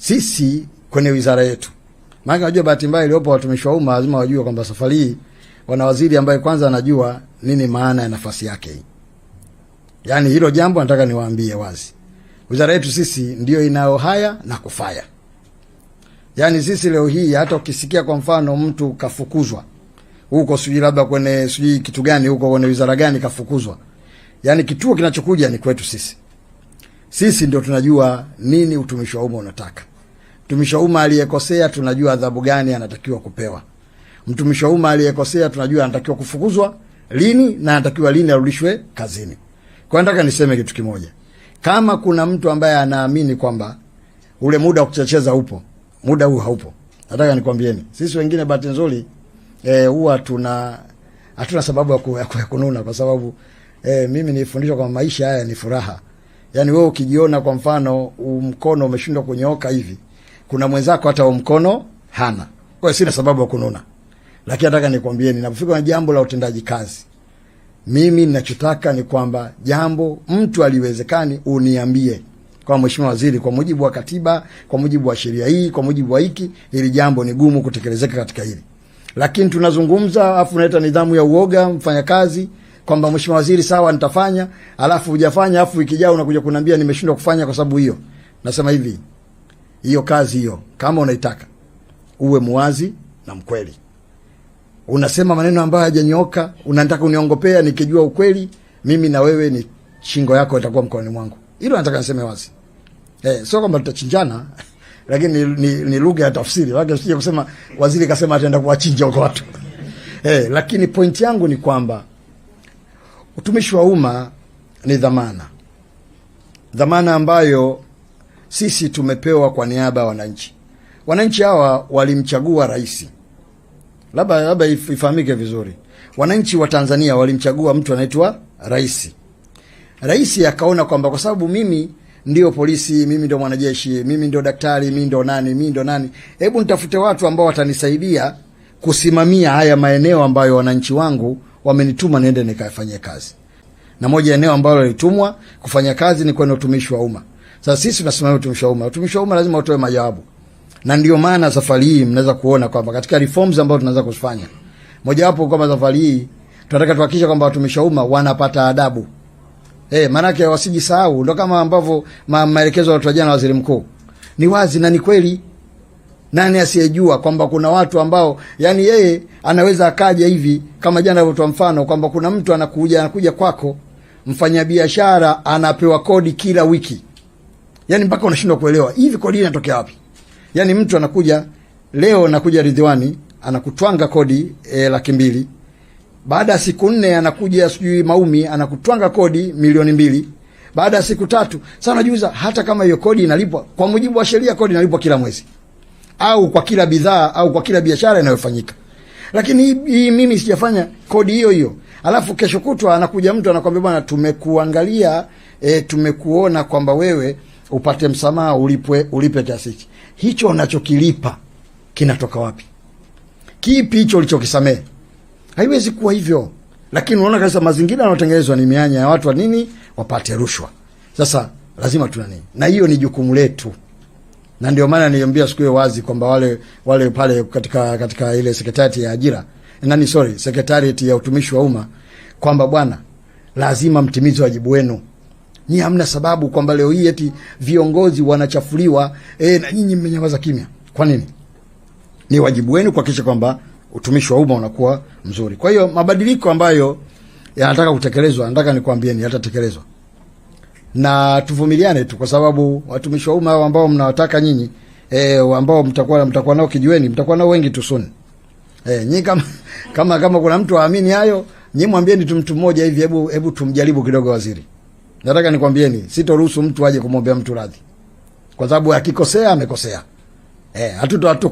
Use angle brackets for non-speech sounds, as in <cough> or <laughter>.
sisi kwenye wizara yetu. Maana unajua bahati mbaya iliyopo watumishi wa umma lazima wajue kwamba safari hii wana waziri ambaye kwanza anajua nini maana ya nafasi yake hii. Yaani hilo jambo nataka niwaambie wazi. Wizara yetu sisi ndiyo inayo haya na kufaya. Yaani sisi leo hii hata ukisikia kwa mfano mtu kafukuzwa huko sijui labda kwenye sijui kitu gani huko kwenye wizara gani kafukuzwa. Yaani kituo kinachokuja ni kwetu sisi. Sisi ndio tunajua nini utumishi wa umma unataka. Mtumishi wa umma aliyekosea tunajua adhabu gani anatakiwa kupewa. Mtumishi wa umma aliyekosea tunajua anatakiwa kufukuzwa lini na anatakiwa lini arudishwe kazini. Kwa nataka niseme kitu kimoja. Kama kuna mtu ambaye anaamini kwamba ule muda wa kuchecheza upo, muda huu haupo. Nataka nikwambieni, sisi wengine bahati nzuri eh, huwa tuna hatuna sababu ya kununa kwa sababu e, mimi nilifundishwa kwamba maisha haya ni furaha. Yaani wewe ukijiona kwa mfano mkono umeshindwa kunyooka hivi kuna mwenzako hata wa mkono hana. Kwa hiyo sina sababu ya kununa, lakini nataka nikwambie, ninapofika na jambo la utendaji kazi, mimi ninachotaka ni kwamba jambo mtu aliwezekani, uniambie kwa Mheshimiwa Waziri, kwa mujibu wa katiba, kwa mujibu wa sheria hii, kwa mujibu wa hiki, hili jambo ni gumu kutekelezeka katika hili. Lakini tunazungumza afu unaleta nidhamu ya uoga mfanyakazi kwamba Mheshimiwa Waziri, sawa nitafanya, alafu hujafanya, alafu wiki jao unakuja kuniambia nimeshindwa kufanya kwa sababu hiyo. Nasema hivi, hiyo kazi hiyo, kama unaitaka uwe muwazi na mkweli. Unasema maneno ambayo hajanyoka, unataka uniongopea. Nikijua ukweli mimi na wewe, ni chingo yako itakuwa mkononi mwangu. Hilo nataka niseme wazi eh, sio kwamba tutachinjana <laughs> lakini ni, ni, ni lugha ya tafsiri lake, sije kusema waziri kasema ataenda kuwachinja kwa watu <laughs> eh, lakini point yangu ni kwamba utumishi wa umma ni dhamana, dhamana ambayo sisi tumepewa kwa niaba ya wananchi. Wananchi hawa walimchagua rais, labda labda ifahamike vizuri, wananchi wa Tanzania walimchagua mtu anaitwa rais. Rais akaona kwamba kwa sababu mimi ndio polisi, mimi ndio mwanajeshi, mimi ndio daktari, mimi ndio nani, mimi ndio nani, hebu nitafute watu ambao watanisaidia kusimamia haya maeneo ambayo wananchi wangu wamenituma niende nikafanyie kazi. Na moja eneo ambalo alitumwa kufanya kazi ni kwenye utumishi wa umma. Sasa sisi tunasimamia utumishi wa umma. Utumishi wa umma lazima utoe majawabu, na ndio maana safari hii mnaweza kuona kwamba katika reforms ambazo tunaweza kuzifanya, mojawapo kwamba safari hii tunataka tuhakikishe kwamba watumishi wa umma wanapata adabu eh, maanake wasijisahau. Ndio kama ambavyo ma, maelekezo yaliyotolewa jana waziri mkuu ni wazi na ni kweli. Nani asiyejua kwamba kuna watu ambao yani yeye anaweza akaja hivi kama jana alivyotoa mfano kwamba kuna mtu anakuja anakuja kwako mfanyabiashara anapewa kodi kila wiki yani mpaka unashindwa kuelewa hivi kodi hii inatokea wapi? Yani mtu anakuja leo, anakuja Ridhiwani anakutwanga kodi e, laki mbili baada ya siku nne anakuja sijui Maumi anakutwanga kodi milioni mbili baada ya siku tatu. Sasa unajiuliza hata kama hiyo kodi inalipwa kwa mujibu wa sheria, kodi inalipwa kila mwezi au kwa kila bidhaa au kwa kila biashara inayofanyika, lakini hii mimi sijafanya kodi hiyo hiyo, alafu kesho kutwa anakuja mtu anakwambia, bwana, tumekuangalia e, tumekuona kwamba wewe upate msamaha, ulipwe, ulipe kiasi hichi Hicho unachokilipa kinatoka wapi? Kipi hicho ulichokisamehe? Haiwezi kuwa hivyo, lakini unaona kabisa mazingira yanayotengenezwa ni mianya ya watu wa nini, wapate rushwa. Sasa lazima tuna nini, na hiyo ni jukumu letu, na ndio maana niliambia siku hiyo wazi kwamba wale wale pale katika katika ile sekretarieti ya ajira nani, sorry, sekretarieti ya utumishi wa umma kwamba bwana, lazima mtimize wajibu wenu ni hamna sababu kwamba leo hii eti viongozi wanachafuliwa e, na nyinyi mmenyamaza kimya. Kwa nini? Ni wajibu wenu kuhakikisha kwamba utumishi wa umma unakuwa mzuri. Kwa hiyo mabadiliko ambayo yanataka kutekelezwa, nataka nikwambieni yatatekelezwa, na tuvumiliane tu, kwa sababu watumishi wa umma hao ambao mnawataka nyinyi e, ambao mtakuwa mtakuwa nao kijiweni, mtakuwa nao wengi tu soon. E, nyinyi kama, kama kama kuna mtu aamini hayo, nyinyi mwambieni tu mtu mmoja hivi, hebu hebu tumjaribu kidogo waziri Nataka nikwambieni, sitoruhusu mtu aje kumwombea mtu radhi, kwa sababu akikosea amekosea. Eh, hatuto